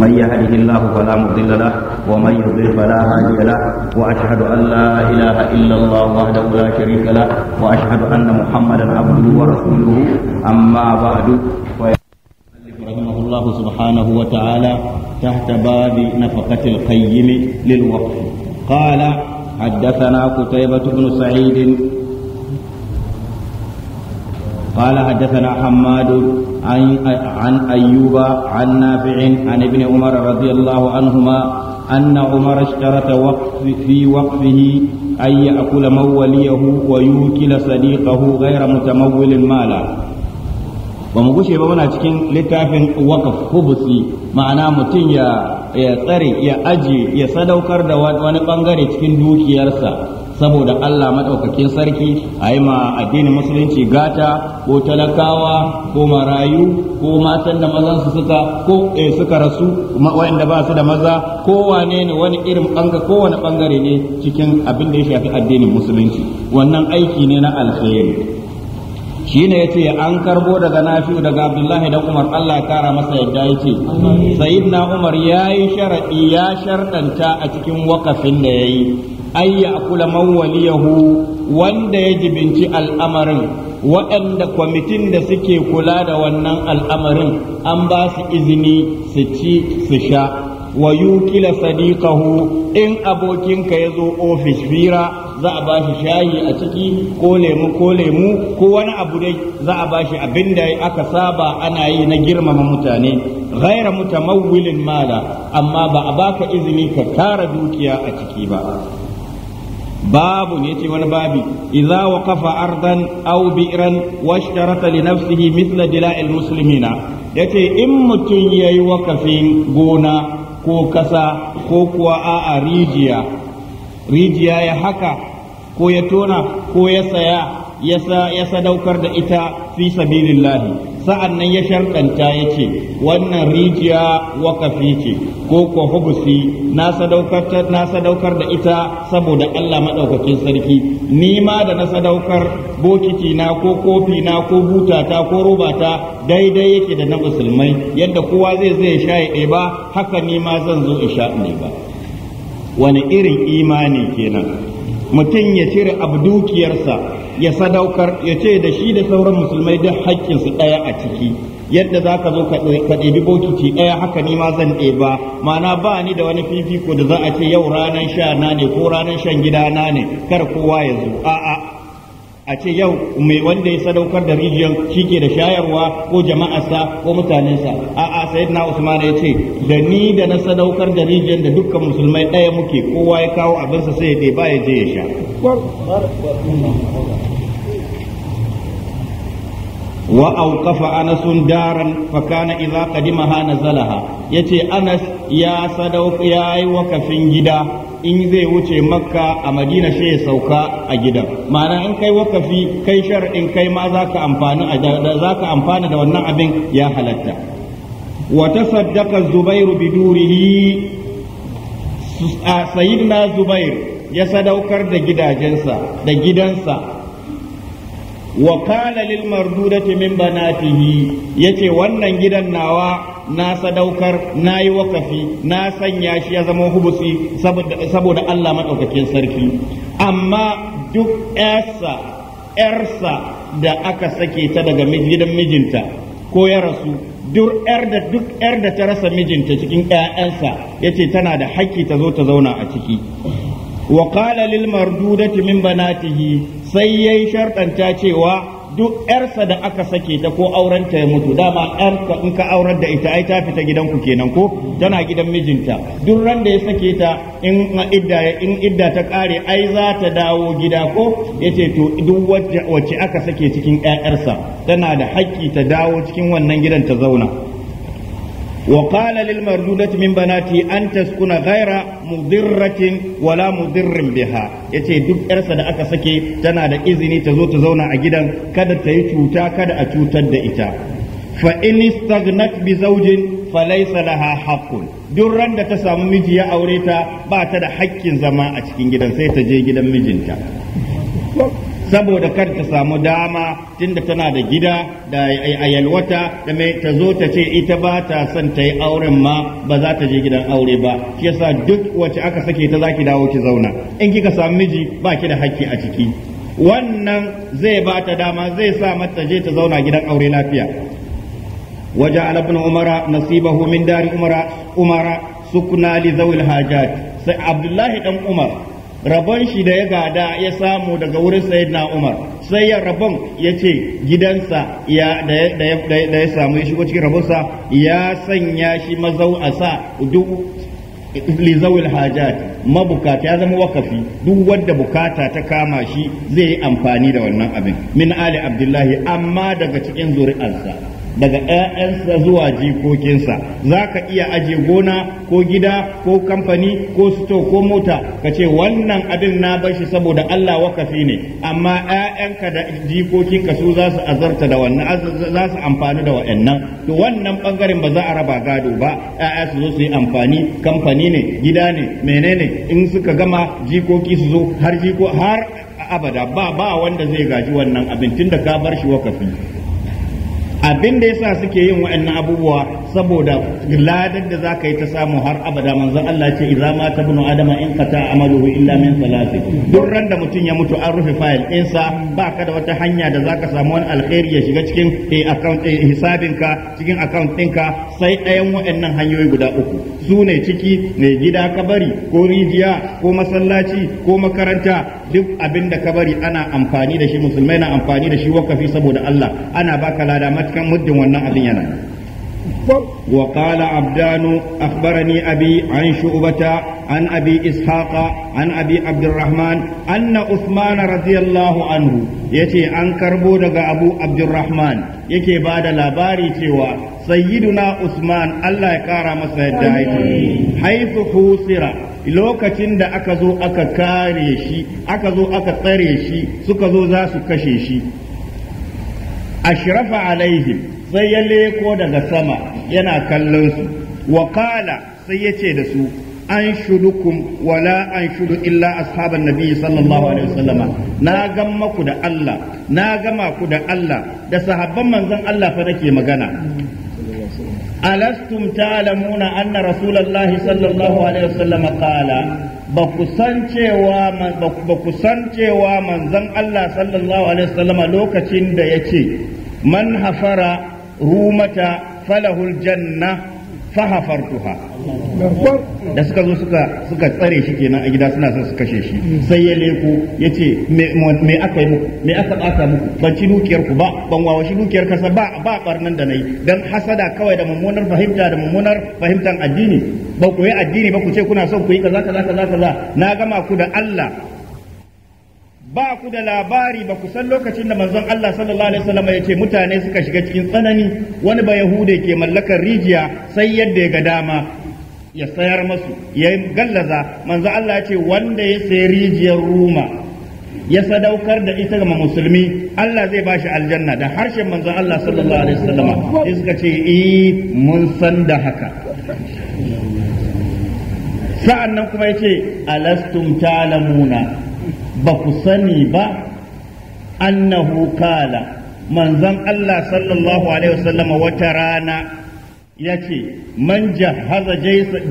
من يهده الله فلا مضل له ومن يضلل فلا هادي له واشهد ان لا اله الا الله وحده لا شريك له واشهد ان محمدا عبده ورسوله اما بعد رحمه الله سبحانه وتعالى تحت باب نفقة القيم للوقف قال حدثنا قتيبة بن سعيد قال حدثنا حماد عن عن ايوب عن نافع عن ابن عمر رضي الله عنهما ان عمر اشترط وقف في وقفه ان ياكل من ويوكل صديقه غير متمول مالا ba mu gushe ba muna cikin littafin wakaf hubusi ma'ana mutum ya tsare ya ajiye ya sadaukar da wani bangare cikin dukiyarsa saboda Allah madaukakin sarki a yi ma addinin musulunci gata ko talakawa ko marayu ko matan da mazan su suka ko eh suka rasu waɗanda ba su da maza ko wane ne wani irin banga ko wani bangare ne cikin abin da ya shafi addinin musulunci wannan aiki ne na alkhairi Shi ne yace an karbo daga Nafi'u daga Abdullahi da Umar Allah ya kara masa yadda yace sayyidina Umar yayi sharadi ya shartanta a cikin wakafin da yayi ay Akula man yahu wanda ya jibinci al'amarin waɗanda kwamitin da suke kula da wannan al'amarin an ba su izini su ci su sha wa yukila sadiqahu in abokinka ya zo ofis fira za a bashi shayi a ciki ko lemu ko lemu ko wani abu dai za a bashi abin da aka saba ana yi na girmama mutane ghaira mutamawwilin mala amma ba a baka izini ka tara dukiya a ciki ba babu ne ce wani babi idza waqafa ardan aw bi'ran washtarata li nafsihi mithla dila'il muslimina yace in mutun yayi wakafin gona ko kasa ko kuwa a'a rijiya rijiya ya haka ko ya tona ko ya saya ya sadaukar da ita fi sabilillahi sa'an nan ya sharɗanta ya ce wannan rijiya wakafi ce ko ko hubusi na sadaukar da ita saboda Allah maɗaukakin sarki ni ma da na sadaukar bokiti na ko kofi na ko butata ko rubata daidai yake da na musulmai yadda kowa zai zai sha ya ba haka ni ma zan zo in sha ba wani irin imani kenan mutum ya cire abu dukiyarsa ya sadaukar ya ce da shi da sauran musulmai duk haƙƙinsu ɗaya a ciki yadda za ka zo ka ɗebi bokiti ɗaya haka ni ma zan ɗeba mana ba ni da wani fifiko da za a ce yau ranar sha na ne ko ranar shan gida na ne kar kowa ya zo a'a a ce yau mai wanda ya sadaukar da rijiyar shi ke da shayarwa ko jama'arsa ko mutanensa a a sayyid na usman ya ce da ni da na sadaukar da rijiyar da dukkan musulmai ɗaya muke kowa ya kawo abinsa sai ya ɗe ba ya je ya sha wa وأوقف أنس دارا فكان إذا قدمها نزلها anas ya sadauka صدوق wa wakafin gida. in zai wuce makka a madina sai ya sauka a gidan ma'ana in kai wakafi kai shar in kai ma za ka amfani da wannan abin ya halatta Wata tasaddaqa zubairu bidurihi na zubair ya sadaukar da gidajensa da gidansa wa kana lil mardudati min banatihi yace wannan gidan nawa na sadaukar na yi wakafi na sanya shi ya zama hubusi saboda Allah maɗaukakin sarki amma duk ƴarsa ƴarsa da aka sake ta daga gidan mijinta ko ya rasu duk ƴar da duk yar da ta rasa mijinta cikin ƴaƴansa yace tana da haƙƙi ta zo ta zauna a ciki wa qala lil mardudati min banatihi sai yayi shartanta cewa duk ƴarsa da aka sake ta ko aurenta ya mutu dama yarsa in ka aurar da ita ai ta fita gidanku kenan ko tana gidan mijinta duk ran da ya sake ta in idda in idda ta kare ai za ta dawo gida ko yace to duk wacce aka sake cikin ƴaƴarsa tana da haƙƙi ta dawo cikin wannan gidan ta zauna وقال للمردودة من gaira أن تسكن غير مضرة ولا مضر بها yace duk yarsa da aka sake tana da izini ta zo ta zauna a gidan kada ta yi cuta kada a cutar da ita fa in istagnat bi zawjin fa laysa laha haqqun duk ran ta samu miji ya aure ta ba ta da haƙƙin zama a cikin gidan sai ta je gidan mijinta saboda kar ta samu dama tunda tana da gida da ayalwata da mai ta zo ta ce ita ba ta son ta yi auren ma ba za ta je gidan aure ba shi yasa duk wacce aka sake ta zaki dawo ki zauna in kika samu miji ba ki da hakki a ciki wannan zai ba ta dama zai sa mata je ta zauna gidan aure lafiya ibn umara nasibahu min Dari umara umara عمر li zawil hajat sai abdullahi dan umar rabon shi da ya gada ya samu daga wurin sayyidina Umar sai ya rabon ya ce gidansa ya da ya samu ya shigo cikin rabonsa ya sanya shi mazau a sa duk lizawil hajat mabukata ya zama wakafi duk wadda bukata ta kama shi zai yi amfani da wannan abin min ali abdullahi amma daga cikin zuri'arsa daga ‘ya'yansa zuwa jikokinsa za ka iya aje gona ko gida ko kamfani ko sito ko mota ka ce wannan abin na bar shi saboda Allah wakafi ne amma ‘ya'yanka da jikokinka su za su azarta da wannan za su amfani da wa'annan to wannan bangaren ba za a raba gado ba ‘ya'ya su zo su yi amfani kamfani ne gida ne menene in suka gama jikoki su zo har jiko har abada ba ba wanda zai gaji wannan abin tun da ka bar shi wakafi abin da yasa suke yin wa'annan abubuwa saboda ladar da za ka yi ta samu har abada manzon Allah ce idza ma tabnu adama in qata amaluhu illa min salasi duk ran da mutum ya mutu an rufe fayil ɗinsa ba ka da wata hanya da za ka samu wani alkhairi ya shiga cikin eh, account eh, hisabinka cikin account ɗinka sai ɗayan wa'annan hanyoyi guda uku su ne ciki ne gida kabari ko rijiya ko masallaci ko makaranta duk abin da kabari ana amfani da shi musulmai na amfani da shi wakafi saboda Allah ana baka lada kan muddin wannan abin yana wa qala abdanu akhbarani abi an shu'bata an abi ishaqa an abi abdurrahman anna usman radiyallahu anhu yace an karɓo daga abu abdurrahman yake bada labari cewa sayyiduna usman Allah ya kara masa yadda haifu haifu husira lokacin da aka kare shi aka zo aka tsare shi suka zo za su kashe shi ashrafa alaihim sai ya leko daga sama yana kallon su Wakala sai ya ce da su an shudukum wala an shudu illa ashaban nabi sallallahu alaihi wasallama na gamma ku da Allah na gama ku da Allah da sahabban manzon Allah fa nake magana sallallahu alaihi ba ku san cewa ba manzon Allah sallallahu alaihi wasallama lokacin da yace man hafara rumata falahul janna fahafartuha da suka zo suka suka tsare shi kenan a gida suna son su kashe shi sai ya leko ya ce me aka yi muku me aka ɓata muku ban ci dukiyar ku ba ban shi dukiyar kasa ba ba barnan da nayi dan hasada kawai da mummunar fahimta da mummunar fahimtar addini ba ku yi addini ba ku ce kuna son ku yi kaza kaza kaza kaza na gama ku da Allah ba ku da labari ba ku san lokacin da manzon Allah sallallahu alaihi wasallam ya ce mutane suka shiga cikin tsanani wani ba yahude ke mallakar rijiya sai yadda ya ga dama ya sayar masu ya gallaza manzon Allah ya ce wanda ya sayi rijiyar ruma ya sadaukar da ita ga musulmi Allah zai ba shi aljanna da harshen manzon Allah sallallahu alaihi wasallam sai suka ce eh mun san da haka sa'an nan kuma yace ce alastum ta'lamuna ba ku sani ba annahu kala manzon Allah sallallahu alaihi wasallama wata rana ya ce man jahaza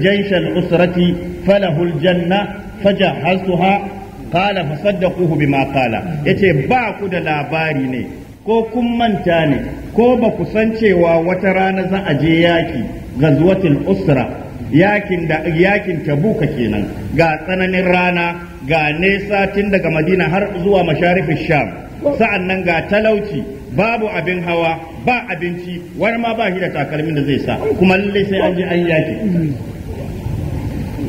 jaishal usrati falahul janna fajahaztuha qala fasaddaquhu bima qala yace ba ku da labari ne ko kun manta ne ko ba ku san cewa wata rana za a je yaki gazwatul usra yakin da yakin tabuka kenan ga tsananin rana ga nesa tun daga madina har zuwa masharifin sham sa'an nan ga talauci babu abin hawa ba abinci wani ma ba shi da takalmin da zai sa kuma lallai sai an je an yaki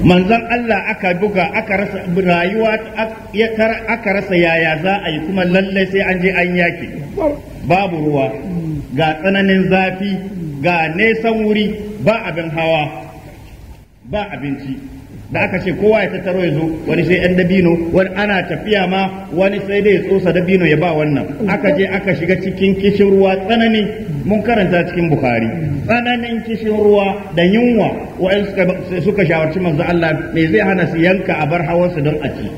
manzon Allah aka buga aka rasa rayuwa aka rasa yaya za a yi kuma lallai sai an je an yaki babu ruwa ga tsananin zafi ga nesan wuri ba abin hawa ba abinci da aka ce kowa ya tattaro ya zo wani sai yan dabino wani ana tafiya ma wani sai dai ya tsosa dabino ya ba wannan aka je aka shiga cikin kishin ruwa tsanani mun karanta cikin bukhari tsananin kishin ruwa da yunwa wa'in suka shawarci manzo Allah me zai hana su yanka a bar hawansu don a ci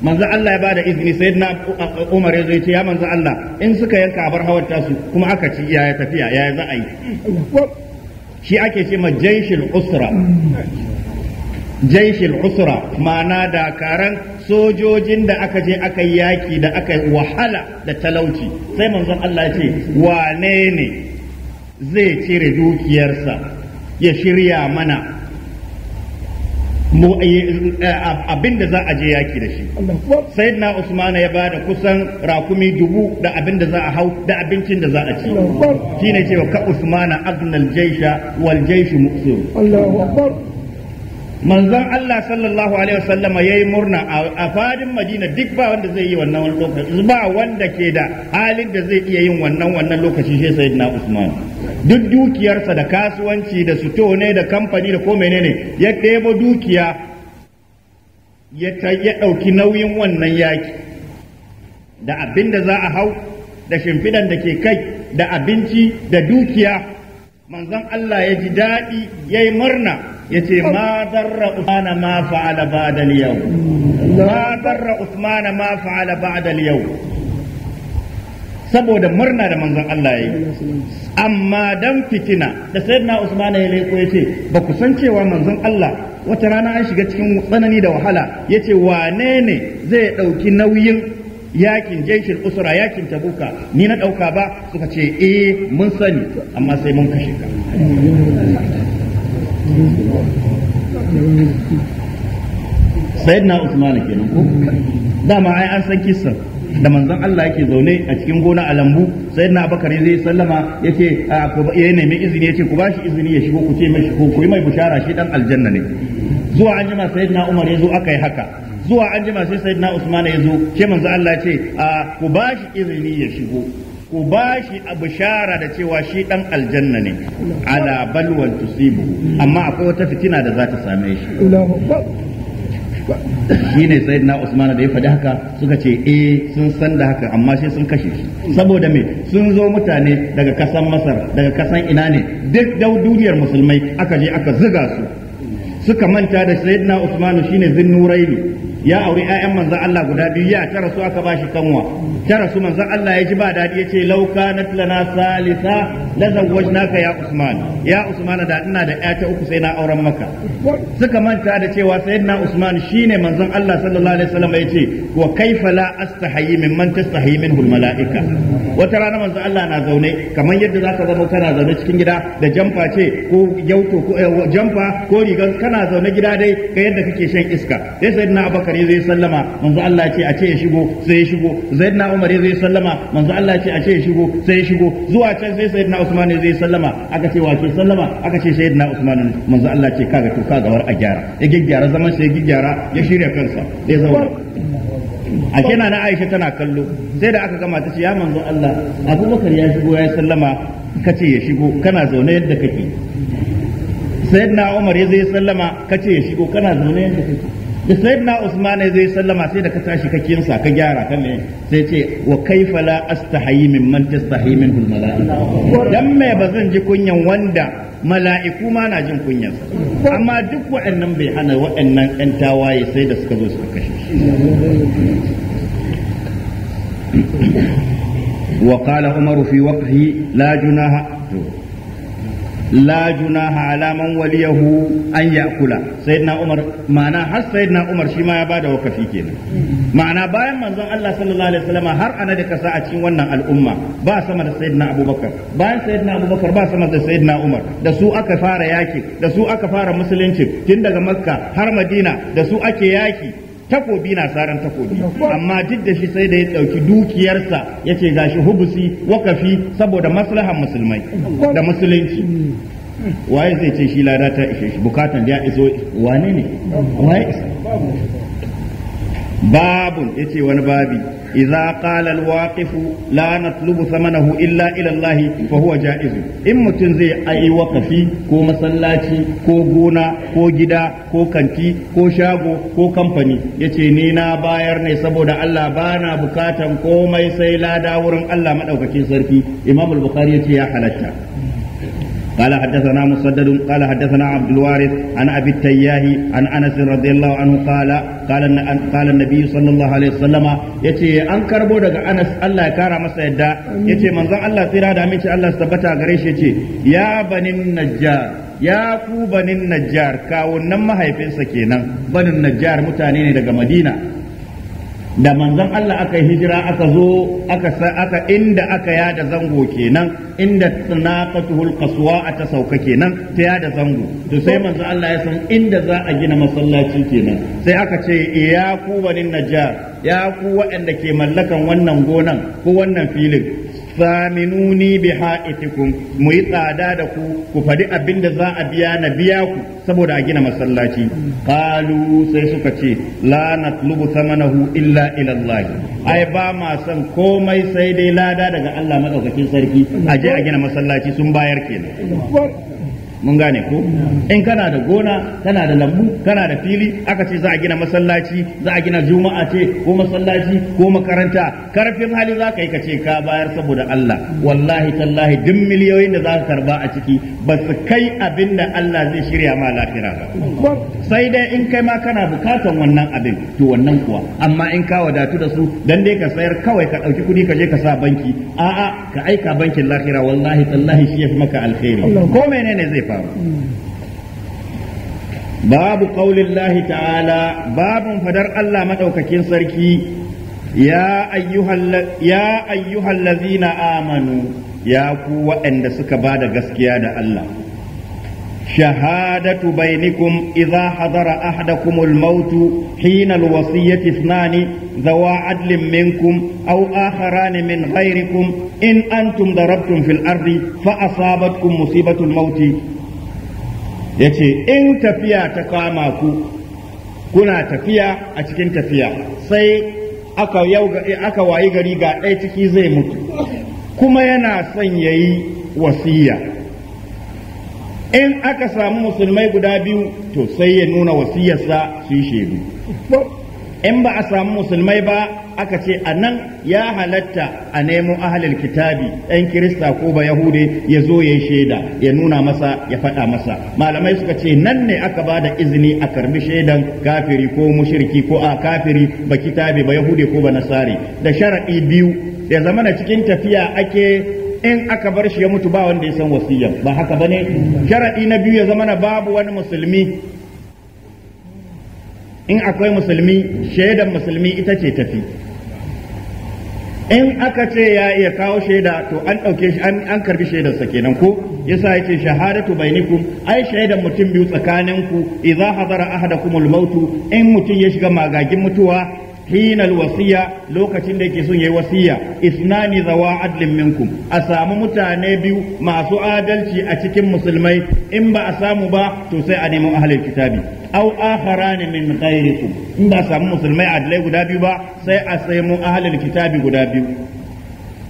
manzo Allah ya bada izini sai na Umar ya zo ce ya manzo Allah in suka yanka a bar hawan tasu kuma aka ci ya tafiya ya za a shi ake ce ma jaishil usra jaishil usra ma'ana dakaran sojojin da aka je aka yi yaki da aka wahala da talauci sai manzon Allah ce wane ne zai cire dukiyarsa ya shirya mana Eh, eh, abin da za a je yaki da shi sai na usmana ya bada kusan rakumi dubu da abin da za a hau da abincin da za a ci shi ne cewa ka usmana agnal jaisha wal jaishu muksur manzon Allah sallallahu alaihi wasallama yayi murna a fadin Madina duk ba wanda zai yi wannan lokaci ba wanda ke da halin da zai iya yin wannan wannan lokaci shi sayyidina Usman duk dukiyarsa da kasuwanci da suto ne da kamfani da ko menene ya ɗebo dukiya ya ɗauki nauyin wannan yaki da abin da za a hau da shimfidan da ke kai da abinci da dukiya manzon Allah ya ji daɗi ya yi murna ya ce ma darra Usmana ma fa'ala ba'da yau yau saboda murna da manzon Allah ya yi amma dan fitina da sayyidina Usman ya leko ya ce ba ku san cewa manzon Allah wata rana an shiga cikin tsanani da wahala ya ce wane ne zai ɗauki nauyin yakin jeshin usura yakin tabuka ni na ɗauka ba suka ce eh mun sani amma sai mun kashe ka sayyidina Usman kenan ko dama ai an san kissa da manzon Allah yake zaune a cikin gona a lambu sai na bakar zai sallama yace ya nemi izini yace ku ba shi izini ya shigo ku ce mai shigo ku yi mai bushara shi dan aljanna ne zuwa an jima na Umar yazo aka yi haka zuwa an jima sai na Usman yazo ce manzon Allah ya ce ku shi izini ya shigo ku ba shi a bishara da cewa shi dan aljanna ne ala balwal tusibu amma akwai wata fitina da za ta same shi shi ne sai na usman da ya faɗi haka suka ce eh sun san da haka amma sai sun kashe shi saboda me sun zo mutane daga kasan masar daga kasan ina ne duk dau duniyar musulmai aka je aka ziga su suka manta da sayyidina usman shine zinnuraini ya aure ƴaƴan manzan Allah guda biyu ya tara su aka bashi kanwa tara su manzan Allah ya ji ba dadi yace lauka natlana salisa la zawwajnaka ya Usman ya Usman da ina da ƴa ta uku sai na auren maka suka manta da cewa sayyidina Usman shine manzan Allah sallallahu alaihi wasallam yace wa kaifa la astahayi mimman tastahayi minhu almalaika wata rana manzo Allah na zaune kamar yadda zaka zama kana zaune cikin gida da jamfa ce ko yauto ko eh, jamfa ko rigan kana zaune gida dai ga yadda kake shan iska sai sayyidina Abubakar zai sallama manzo Allah ce a ce ya shigo sai ya shigo sayyidina Umar zai sallama manzo Allah ce a ce ya shigo sai ya shigo zuwa can sai sayyidina Usman zai sallama aka ce wace sallama aka ce sayyidina Usman manzo Allah ce kaga to war a gyara ya gyara zaman sai ya gyara ya shirya kansa dai zauna a kenan na Aisha tana kallo sai da aka gama ta ce ya manzo Allah Abubakar ya shigo ya sallama kace ya shigo kana zaune yadda kake sayyidina Umar ya zai sallama kace ya shigo kana zaune yadda kake da sayyidina Usman ya zai sallama sai da ka tashi ka kinsa ka gyara ka ne sai ce wa kaifa la astahi min man tastahi min dan me zan ji kunyan wanda mala'iku ma na jin kunya, amma duk waɗannan bai hana waɗannan 'yan tawaye sai da suka zo suka kashe وقال عمر في وقته لا جناح la junaha ala man waliyahu an yakula sayyidina umar ma'ana har sayyidina umar shi ma ya bada wakafi kenan ma'ana bayan manzon Allah sallallahu alaihi har ana da kasa a cikin wannan al'umma ba sama da sayyidina abubakar bayan sayyidina abubakar ba sama da sayyidina umar da su aka fara yaki da su aka fara musulunci tun daga makka har madina da su ake yaki takobi na saran takobi amma duk da shi sai da ya dauki dukiyarsa yace gashi hubusi wakafi saboda maslahar musulmai da musulunci hmm. waye zai ce shi lada ta ishe shi bukatan da ya iso wane ne waye babun yace wani babi idza qala alwaqif la natlubu thamanahu illa ila fahu fa huwa in mutum zai ai wakafi ko masallaci ko gona ko gida ko kanti ko shago ko kamfani yace ni na bayar ne saboda Allah bana bukatan komai sai lada wurin Allah madaukakin sarki Imam al-Bukhari yace ya halatta قال حدثنا مسدد قال حدثنا عبد الوارث عن ابي التياه عن انس رضي الله عنه قال قال النبي صلى الله عليه وسلم yace an karbo daga Anas Allah ya kara masa yadda yace manzon Allah tsira da aminci Allah tabbata gare shi yace ya banin najjar ya ku banin najjar kawunan mahaifinsa kenan banin najjar mutane ne daga madina da manzon Allah aka yi hijira aka zo aka aka inda aka yada zango kenan inda tunaqatuhul qaswa ta sauka kenan ta ya da zango to sai manzon Allah ya san inda za a gina masallaci kenan sai aka ce ya ku banin najjar ya ku waɗanda ke mallakan wannan gonan ko wannan filin saminuni bi ha'itikum mu yi tsada da ku ku faɗi abin da za a biya na biya ku saboda a gina masallaci qalu sai suka ce la natlubu samanahu illa ila Allah ai ba ma san komai sai dai lada daga Allah madaukakin sarki a je a gina masallaci sun bayar kenan mun gane ko in kana da gona kana da lambu kana da fili aka ce za a gina masallaci za a gina juma'a ce ko masallaci ko makaranta karfin hali za ka yi ka ce ka bayar saboda Allah wallahi tallahi duk miliyoyin da za ka karba a ciki ba su kai abin da Allah zai shirya ma lafira ba sai dai in kai ma kana bukatan wannan abin to wannan kuwa amma in ka wadatu da su dan dai ka sayar kawai ka dauki kudi ka je ka sa banki a'a ka aika bankin lafiya wallahi tallahi shi ya fi maka alkhairi ko menene zai faru babu ƙaunin lahi ta'ala babun fadar Allah maɗaukakin sarki ya ayyuhan lazina amanu ya ku waɗanda suka ba da gaskiya da Allah shahadatu bainikum idza hadara ahda al-maut hina al-wasiyyati ithnan au adlin minkum aw akharan min ghayrikum in antum darabtum fil ardi fa asabatkum musibatu al ya ce in tafiya ta kama ku kuna tafiya a cikin tafiya sai aka aka wayi gari ga ɗaya ciki zai mutu kuma yana son ya yi wasiya in aka samu musulmai guda biyu to sai ya nuna wasiyarsa su yi shaidu in ba a samu musulmai ba aka ce a nan ya halatta a nemo ahalil kitabi ɗan kirista ko ba yahude ya zo ya shaida ya nuna masa ya faɗa masa malamai suka ce nan ne aka ba da izini a karbi shaidan kafiri ko mushirki ko a kafiri ba kitabi ba yahude ko ba nasari da sharaɗi biyu da zamana cikin tafiya ake in aka bar shi ya mutu ba wanda ya san wasiyyar ba haka ba ne? sharaɗi na biyu ya zamana babu wani musulmi in akwai musulmi shaidan musulmi ita ce tafi in aka ce ya iya kawo shaida to an ɗauke shi an karbi shaidarsa kenan ko yasa yace shahadatu bainikum ai shaidan mutum biyu tsakaninku idza hadara ahadakumul mautu in mutum ya shiga magagin mutuwa hina alwasiya lokacin da yake son yayi wasiya isnani zawa adlin minkum a samu mutane biyu masu adalci a cikin musulmai in ba a samu ba to sai a nemi ahlul kitabi aw akharan min ghairikum in ba a samu musulmai adalai guda biyu ba sai a samu ahlul kitabi guda biyu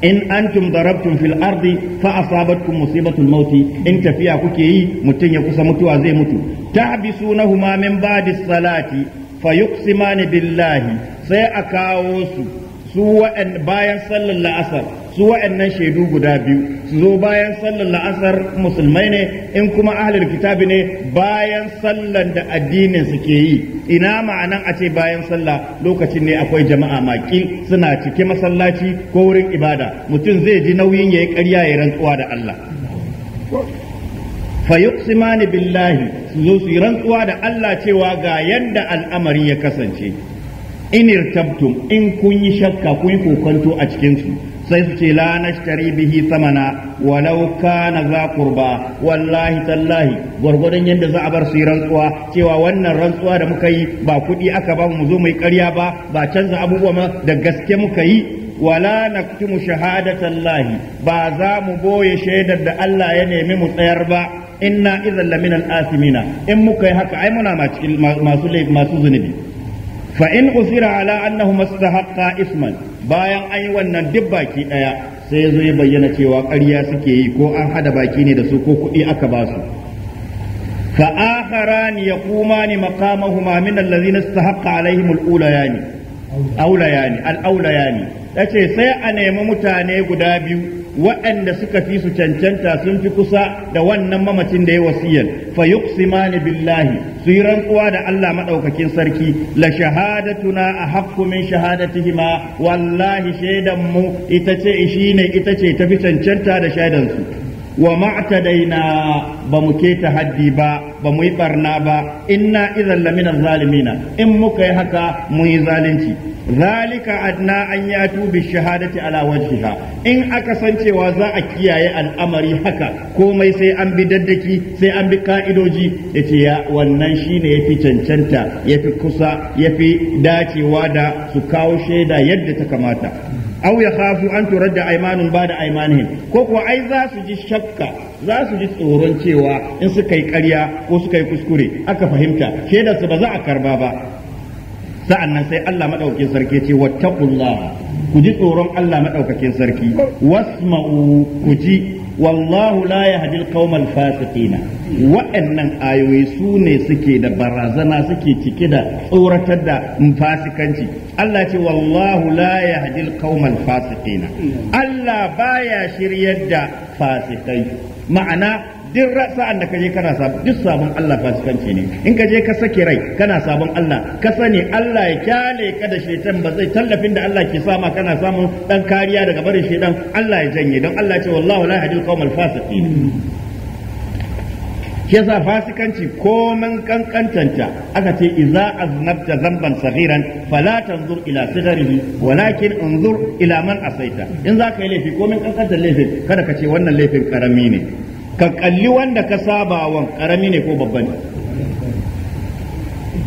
in antum darabtum fil ardi fa asabatkum musibatul maut in tafiya kuke yi mutum ya kusa mutuwa zai mutu tahbisunahuma min ba'di salati fayuqsimani billahi sai a kawo su su wa'an bayan sallar la'asar su wa'annan shaidu guda biyu su zo bayan sallar la'asar musulmai ne in kuma ahalar kitabi ne bayan sallar da addinin su ke yi ina ma'anan a ce bayan sallah lokacin ne akwai jama'a maki suna cike masallaci ko wurin ibada mutum zai ji nauyin ya yi ƙarya ya rantsuwa da Allah fayuqsimani billahi su zo su yi rantsuwa da Allah cewa ga yanda al'amari ya kasance Inir tabtum in kun yi shakka kun yi kokonto a cikin su sai su ce la nashtari bihi samana walau kana za kurba wallahi tallahi gwargwadon yadda za a bar su rantsuwa cewa wannan rantsuwa da muka yi ba kuɗi aka ba mu zo mu yi ƙarya ba ba canza abubuwa ma da gaske muka yi wala ba za mu boye shaidar da Allah ya nemi mu tsayar ba inna لمن الآثمين asimina in muka yi haka ai muna masu سلي masu zunubi fa in usira ala annahum istahaqqa isman bayan an yi wannan duk baki ɗaya, sai ya zo ya bayyana cewa ƙarya suke yi ko an hada baki ne da su ko kuɗi aka ba su fa akharani yaqumani maqamahuma min allazina istahaqqa alaihim al-ulayani aulayani al-aulayani yace sai a nemi mutane guda biyu waɗanda suka fi su cancanta sun fi kusa da wannan mamacin da ya wasiyar fa yuqsimani billahi su yi rantsuwa da Allah madaukakin sarki la shahadatuna hakkumin min shahadatihima wallahi shaidan mu ita ce shine ita ce ta fi cancanta da shaidan su wa ma'tadaina ba mu ke ta haddi ba ba mu yi barna ba inna idan lamina zalimina in muka yi haka mun yi zalunci zalika adna an ya bi shahadati ala wajhiha in aka san cewa za a kiyaye al'amari haka komai sai an bi daddaki sai an bi ka'idoji yace ya wannan shine yafi cancanta yafi kusa yafi dacewa da su kawo shaida yadda ta kamata aw khafu an turadda aymanun ba'da aymanihim ko kuwa ai za su ji shakka za su ji tsoron cewa in suka yi ƙarya ko suka yi kuskure aka fahimta shaidar su ba za a karba ba sa'an nan sai Allah madaukakin sarki ce wattaqullah ku ji tsoron Allah madaukakin sarki wasma'u ku ji wallahu la hadil alqawmal fasiqina wa'annan ayoyi su ne suke da barazana suke cike da tsoratar da fasikanci Allah ce wallahu la yahdi alqawmal fasiqina Allah baya shiryar da fasikai ma'ana duk sa'an da ka je kana sabon duk sabon Allah fasikanci ne in ka je ka sake rai kana sabon Allah ka sani Allah ya kyale ka da shaitan ba zai tallafin da Allah ke sama kana samun dan kariya daga barin shaitan Allah ya janye don Allah ya ce wallahu la yahdil qaumal fasiqin yasa fasikanci komin kankantanta aka ce iza aznabta zamban saghiran fala tanzur ila sigarihi walakin anzur ila man asaita in zaka ka yi laifi komin kankantar laifin kada ka ce wannan laifin karami ne ka kalli wanda ka saba wa karami ne ko babba ne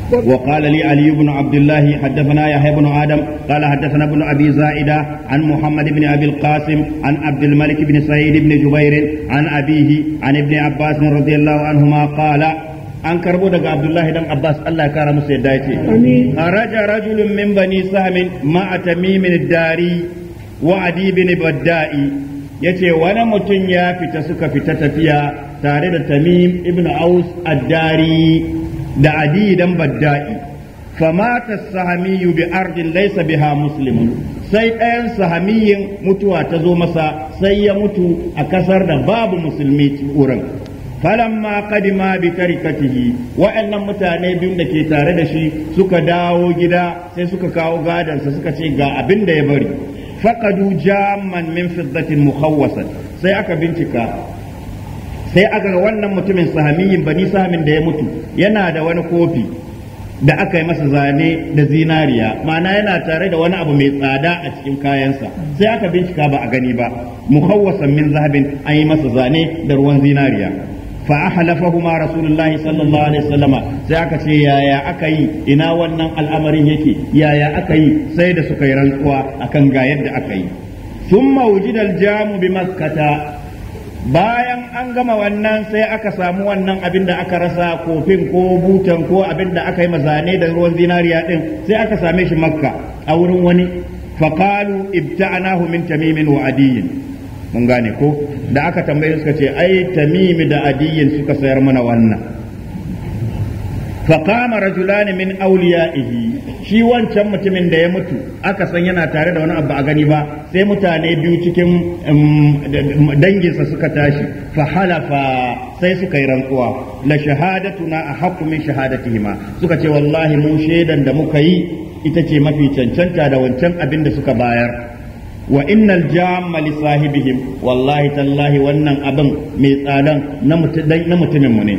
وقال لي علي بن عبد الله حدثنا يحيى بن ادم قال حدثنا ابن ابي زائده عن محمد بن ابي القاسم عن عبد الملك بن سعيد بن جبير عن ابيه عن ابن عباس رضي الله عنهما قال an karbo daga Abdullahi dan Abbas Allah ya kara musu yadda yake kharaja rajulun min bani sahmin ma'a tamimin dari wa yace wani mutum ya fita suka fita tafiya tare da Tamim ibn Aus ad-Dari da Adi dan Badda'i ta sahamiyu bi ardin laysa biha muslimun sai ɗayan sahamiyin mutuwa ta zo masa sai ya mutu a kasar da babu musulmi wurin falamma qadima bi tarikatihi wa'annan mutane biyun da ke tare da shi suka dawo gida sai suka kawo gadansa suka ce ga abin da ya bari faqadu jamman min fiddatin mukhawwasa sai aka bincika sai aka ga wannan mutumin sahamiyin bani sahamin da ya mutu yana da wani kofi da aka yi masa zane da zinariya ma'ana yana tare da wani abu mai tsada a cikin kayansa sai aka bincika ba a gani ba muhawwasan min zahabin an yi masa zane da ruwan zinariya fa ahlafahuma rasulullahi sallallahu alaihi wasallama sai aka ce yaya aka yi ina wannan al'amarin yake yaya aka yi sai da suka yi rantsuwa akan ga yadda aka yi thumma wujida aljamu bi makkata bayan an gama wannan sai aka samu wannan abin da aka rasa kofin ko butan ko abin da aka yi mazane da ruwan zinariya din sai aka same shi makka a wurin wani faqalu ibta'anahu min tamimin wa adiyin mun gane ko da aka tambaye suka ce ai tamimi da adiyin suka sayar mana wannan Faƙama rajulani min awliyaihi shi wancan mutumin da ya mutu aka san yana tare da wani abu a gani ba sai mutane biyu cikin danginsa suka tashi fa halafa sai suka yi rantsuwa la shahadatuna a hakumin shahadatihima suka ce wallahi mun shaidan da muka yi ita ce mafi cancanta da wancan abin da suka bayar wa innal jamma li sahibihim wallahi tallahi wannan abin mai tsadan na mutumin mu ne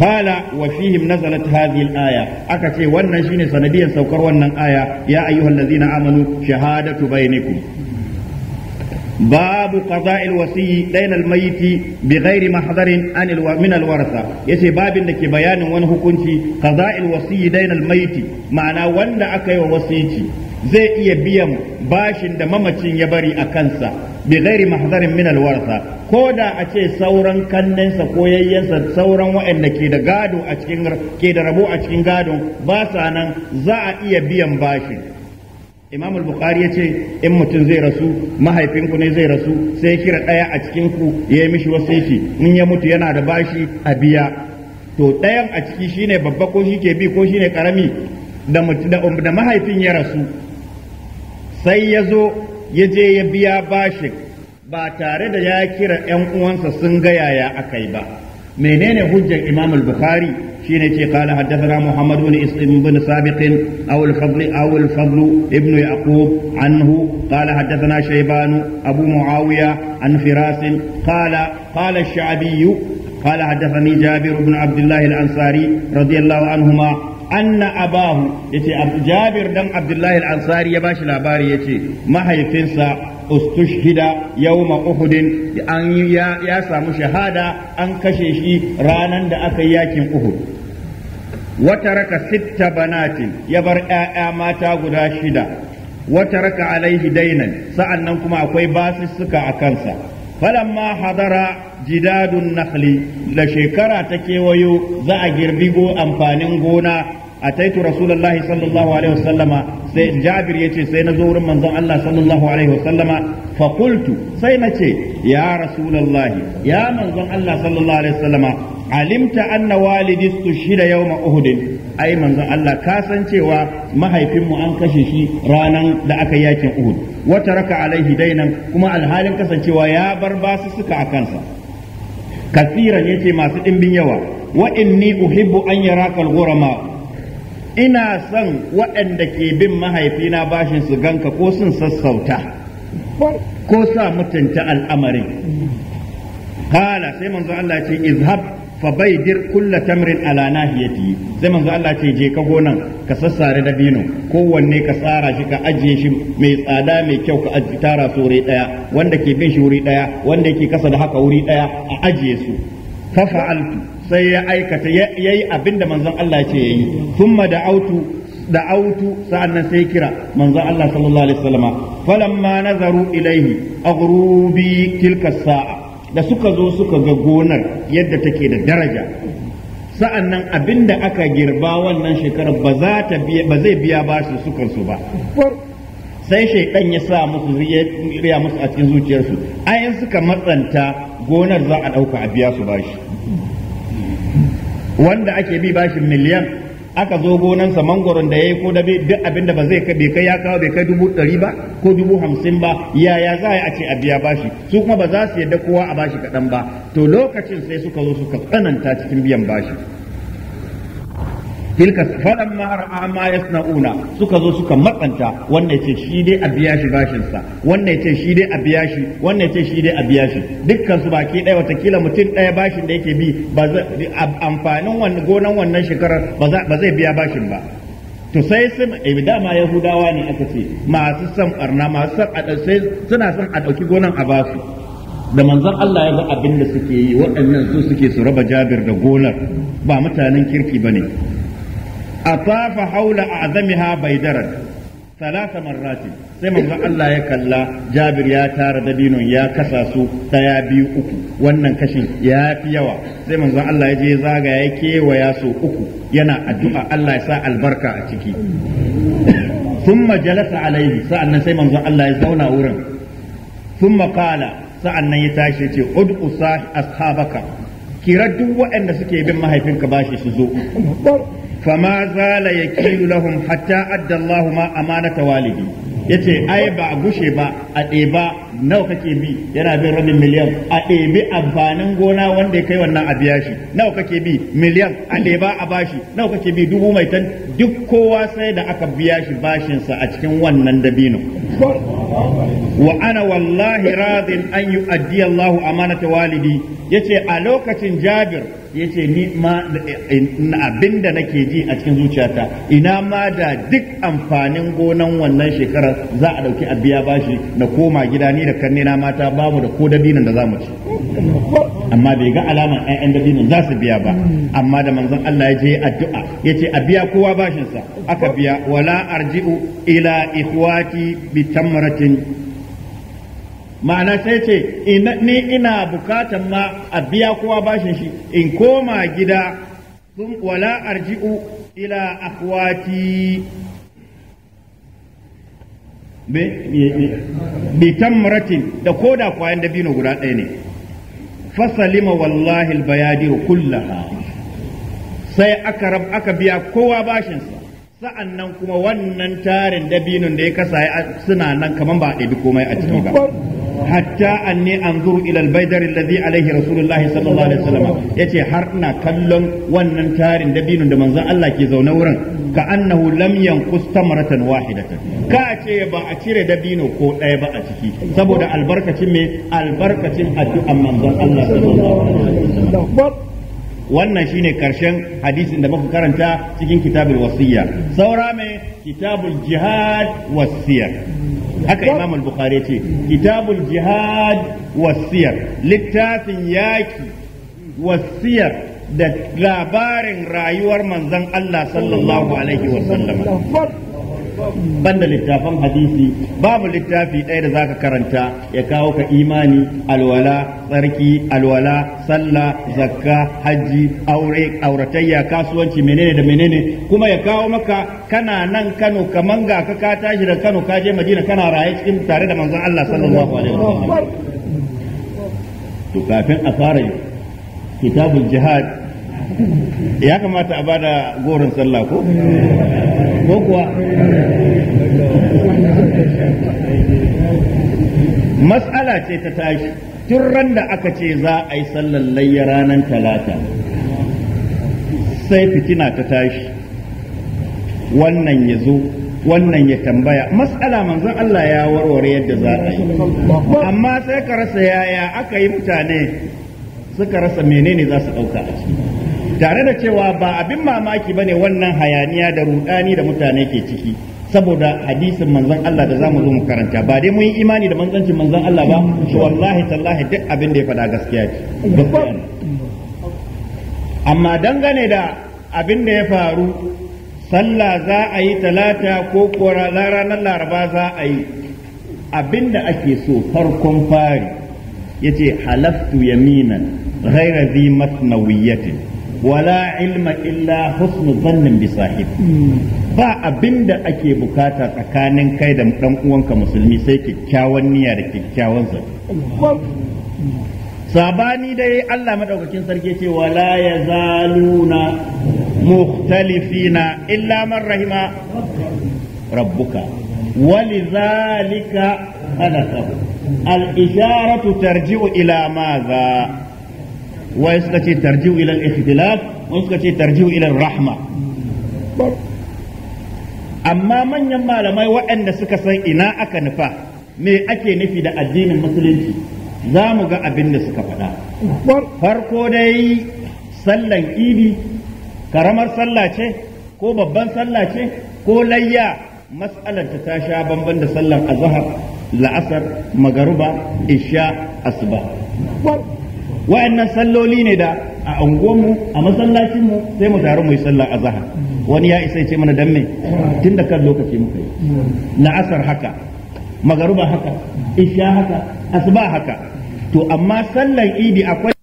qala wa fihim nazalat hadhihi al-aya aka ce wannan shine sanadiyan saukar wannan aya ya ayyuhallazina amanu shahadatu bainakum باب قضاء الوصي دين الميت بغير محضر عن الو... من الورثه yace babin da ke bayanin wani hukunci قضاء الوصي دين الميت ma'ana wanda aka yi wa zai iya biyan bashin da mamacin ya bari a kansa bi ghairi mahzarin min alwarsa ko da a ce sauran kannensa ko yayyensa sauran waɗanda ke da gado a cikin ke da rabo a cikin gado, ba sa nan za a iya biyan bashin imam al-bukhari ya ce in mutum zai rasu mahaifinku ne zai rasu sai kira ɗaya a cikin ku ya yi mishi wasu yake in ya mutu yana da bashi a biya to ɗayan a ciki shine babba ko shi ke bi ko shine karami da mahaifin ya rasu sai ya zo ya je ya biya bashin ba tare da ya kira 'yan uwansa sun ga yaya aka yi ba menene hujjar imam al-bukhari shine ce qala haddathana muhammad ibn islim ibn sabiq aw al-fadl aw al-fadl ibn yaqub anhu qala haddathana shayban abu muawiya an firas qala qala ash-sha'bi قال حدثني جابر بن عبد الله الأنصاري رضي الله عنهما anna abahu yace jabir dan abdullahi al-ansari ya bashi labari yace mahaifinsa ustushhida yawma uhudin an ya, ya samu shahada an kashe shi ranan da aka yi yakin uhud wataraka sitta banatin ya bar ƴaƴa mata guda shida wataraka alaihi dainan sa'annan kuma akwai basussuka a kansa falamma hadara jidadun nakhli da shekara ta kewayo za a girbi go amfanin gona a taitu rasulullahi sallallahu sai jabir yace sai na zo wurin manzon Allah sallallahu alaihi wasallama fa qultu sai na ce ya rasulullahi ya manzon Allah sallallahu alaihi alimta anna walidi shida yawma uhud ai manzon Allah kasancewa mahaifinmu an kashe shi ranan da aka yakin uhud wa taraka alaihi dainan kuma alhalin kasancewa ya bar basu suka a kansa ne yace masu dimbin yawa wa inni uhibbu an yaraka ina son waɗanda ke bin mahaifina bashin su ganka ko sun sassauta ko sa mutunta al'amarin kala sai manzo Allah ce izhab fa dir. kulla tamrin ala nahiyati sai manzo Allah ce je ka gonan ka sassare dabino kowanne ka tsara shi ka ajiye shi mai tsada mai kyau ka tara su wuri daya wanda ke bin shi wuri daya wanda yake kasa da haka wuri ɗaya, a ajiye su fa fa'altu sai ya aikata yayi abinda manzon Allah ya ce yayi thumma da'autu da autu na sai kira manzo Allah sallallahu alaihi wasallama falamma nazaru ilaihi aghrubi tilka sa'a da suka zo suka ga gonar yadda take da daraja sa'an nan abin da aka girba wannan shekarar ba zai biya sukan su ba sai shaidan ya sa musu riya musu a cikin zuciyarsu ayan suka matsanta gonar za a ɗauka a biya su bashi wanda ake bi bashin miliyan aka zo gonansa mangoron da ya yi ko da duk abin da ba zai kai kai ya kawo bai kai dubu ɗari ba ko dubu hamsin ba yaya za a ce a biya bashi su kuma ba za su yadda kowa a bashi kaɗan ba to lokacin sai suka zo suka tsananta cikin biyan bashi tilka faɗan ra'a ma yasnauna suka zo suka matsanta wannan yace shi dai a biya shi bashin sa wannan yace shi dai a biya shi wannan yace shi dai a biya shi dukkan su baki daya watakila mutum daya bashin da yake bi ba amfanin wannan gonan wannan shekarar ba zai biya bashin ba to sai sun eh, dama yahudawa ne aka ce masu san barna masu san sai suna san a ɗauki gonan a su da manzon Allah ya ga abin da suke yi waɗannan su suke su raba jabir da gonar ba mutanen kirki bane A أطاف حول أعظمها بيدرا talata مرات sai manzo Allah ya kalla Jabir ya tara dabino ya kasa su daya biyu uku wannan kashin ya fi yawa sai manzo Allah ya je zaga ya kewaya su uku yana addu'a Allah ya sa albarka a ciki thumma jalasa alaihi sa'annan sai manzo Allah ya zauna wurin thumma qala sa'annan ya tashi ce ud'u sahi ashabaka kira duk waɗanda suke bin mahaifinka bashi su zo fama la yakilu lahum hatta addallahu ma amana ta walidi yace ai ba a gushe ba a ɗeba nawa kake bi yana bin rabin miliyan a ɗebi amfanin gona wanda ya kai wannan a biya shi nawa kake bi miliyan a ɗeba a bashi nawa kake bi dubu mai tan duk kowa sai da aka biya shi bashinsa a cikin wannan dabino wa ana wallahi radin an yu'addi Allahu ta walidi yace a lokacin Jabir Ya ce ni ma eh, abinda nake ji a cikin zuciyata ina ma da duk amfanin gonan wannan shekarar za a dauki a biya bashi na koma gida ni da kanne mata babu da ko dabinan da za mu ci amma bai ga alaman ƴaƴan dabinan za su biya ba amma da manzon Allah ya je addu'a ce a biya kowa bashin sa aka biya wala arji'u ila ikhwati bi tamratin ma'ana sai ce ni ina bukatan ma a biya kowa bashin shi in koma gida sun wala arji'u ila akwati bi tamratin da koda kwayan dabino guda ɗaya ne fasalima wallahi albayadiru kullaha sai aka biya kowa bashin sa, sa'an nan kuma wannan tarin dabinon da ya kasa suna nan kamar ba a ɗabi komai a cikin ba hatta anni anzuru ila albaydar alladhi alayhi rasulullah sallallahu alaihi wasallam yace har ina kallon wannan tarin dabino da manzon Allah ke zaune wurin ka annahu lam yanqus tamratan wahidatan ka ce ba a cire dabino ko ɗaya ba a ciki saboda albarkacin me albarkacin addu'an manzon Allah sallallahu alaihi wasallam wannan shine karshen hadisin da muka karanta cikin kitabul wasiyya saura mai kitabul jihad wasiyya haka imam al-bukhari ce kitabul jihad wasiyar littafin yaki wasiyar da labarin rayuwar manzon Allah sallallahu alaihi wa banda littafan hadisi babu littafi ɗaya da zaka karanta ya kawo ka imani alwala tsarki alwala sallah zakka hajji aure auratayya kasuwanci menene da menene kuma ya kawo maka kana nan Kano kaman ga ka ka tashi da Kano ka je Madina kana raye cikin tare da manzon Allah sallallahu alaihi wasallam to kafin a fara kitabul jihad ya kamata a ba da goron sallah ko ko kuwa mas'ala ce ta tashi tun ran da aka ce za a yi sallar layya ranar talata sai fitina ta tashi wannan ya zo wannan ya tambaya mas'ala manzon Allah ya warware yadda za a yi amma sai ka rasa yaya aka yi mutane suka rasa menene za su ɗauka a ciki tare da cewa ba abin mamaki ba ne wannan hayaniya da rudani da mutane ke ciki saboda hadisin manzon Allah da zamu zo mu karanta ba dai mun yi imani da manzancin manzon Allah ba to wallahi tallahi duk abin da ya faɗa gaskiya ce amma dangane da abin da ya faru sallah za a yi talata ko kuwa ranar laraba za a yi abin da ake so farkon fari yace halaftu yaminan ghaira zi masnawiyatin wala ilma illa husnu zannin bi sahib ba abin da ake bukata tsakanin kai da ɗan'uwanka musulmi sai kyakkyawan niyya da kyakkyawan zato sabani dai Allah madaukakin sarki ce wala yazaluna mukhtalifina illa man rahima rabbuka ولذلك خلقه الإشارة ترجع إلى ماذا wai suka ce tarjiu ila ikhtilaf wai suka ce tarjiu ila rahma amma manyan malamai waɗanda suka san ina aka nufa me ake nufi da addinin musulunci za mu ga abin da suka faɗa farko dai sallan idi karamar sallah ce ko babban sallah ce ko layya matsalar ta sha bamban da sallan azhar la'asar magaruba isha asuba wa'annan salloli ne da a unguwanmu a masallacinmu sai mu taru mu yi sallar azhar wani ya isa ce mana dan me tun da kan lokaci muka yi asar haka magaruba haka isha haka asuba haka to amma sallar idi akwai